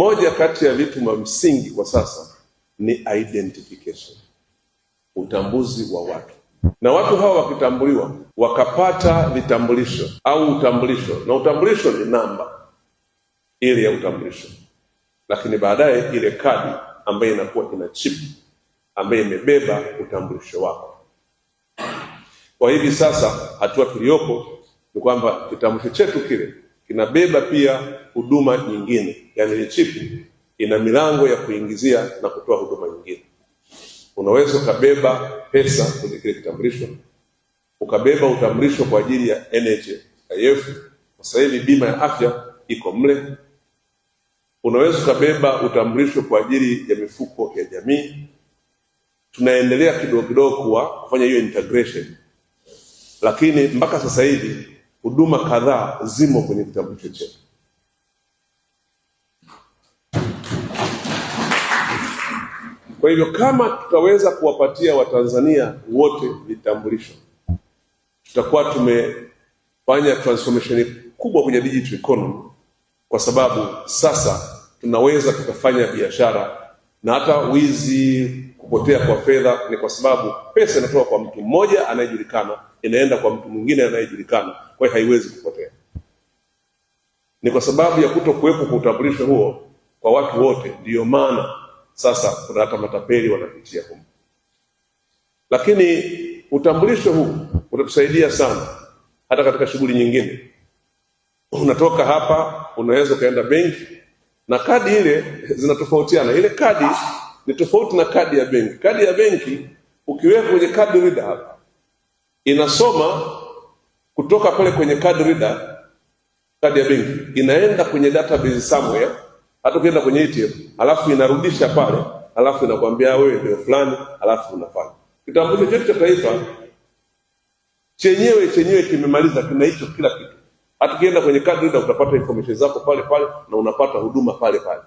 Moja kati ya vitu vya msingi kwa sasa ni identification, utambuzi wa watu, na watu hawa wakitambuliwa wakapata vitambulisho au utambulisho, na utambulisho ni namba ile ya utambulisho, lakini baadaye ile kadi ambayo inakuwa ina chip ambayo imebeba utambulisho wako. Kwa hivi sasa hatua tuliyopo ni kwamba kitambulisho chetu kile kinabeba pia huduma nyingine, yani hii ina milango ya kuingizia na kutoa huduma nyingine. Unaweza ukabeba pesa kwenye kile kitambulisho, ukabeba utambulisho kwa ajili ya NHIF. Sasa hivi bima ya afya iko mle. Unaweza ukabeba utambulisho kwa ajili ya mifuko ya jamii. Tunaendelea kidogo kidogo kuwa kufanya hiyo integration, lakini mpaka sasa hivi huduma kadhaa zimo kwenye kitabu hicho chetu. Kwa hivyo kama tutaweza kuwapatia Watanzania wote vitambulisho, tutakuwa tumefanya transformation kubwa kwenye digital economy, kwa sababu sasa tunaweza tukafanya biashara na hata wizi, kupotea kwa fedha ni kwa sababu pesa inatoka kwa mtu mmoja anayejulikana inaenda kwa mtu mwingine anayejulikana, kwa hiyo haiwezi kupotea. Ni kwa sababu ya kuto kuwepo kwa utambulisho huo kwa watu wote, ndiyo maana sasa kuna hata matapeli wanapitia huko. Lakini utambulisho huu utatusaidia sana hata katika shughuli nyingine. Unatoka hapa, unaweza ukaenda benki na kadi ile zinatofautiana. Ile kadi ni tofauti na kadi ya benki. Kadi ya benki ukiweka kwenye kadi rida hapa inasoma kutoka pale kwenye card reader, kadi ya benki inaenda kwenye database somewhere, hata ukienda kwenye ATM, alafu inarudisha pale, alafu inakwambia wewe ndio fulani, alafu unafanya. Kitambulisho chetu cha taifa chenyewe chenyewe kimemaliza, kina hicho kila kitu. Hata ukienda kwenye card reader utapata information zako pale pale na unapata huduma pale pale.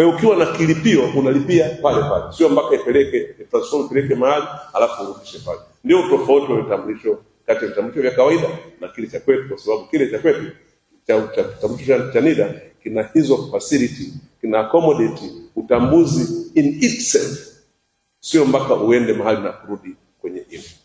Kwa hiyo ukiwa na kilipio unalipia pale pale, sio mpaka ipeleke transform ipeleke mahali alafu urudishe pale. Ndio tofauti wa vitambulisho kati ya vitambulisho vya kawaida na kile cha kwetu, kwa sababu kile cha kwetu cha kitambulisho cha NIDA kina hizo facility, kina accommodate utambuzi in itself, sio mpaka uende mahali na kurudi kwenye ile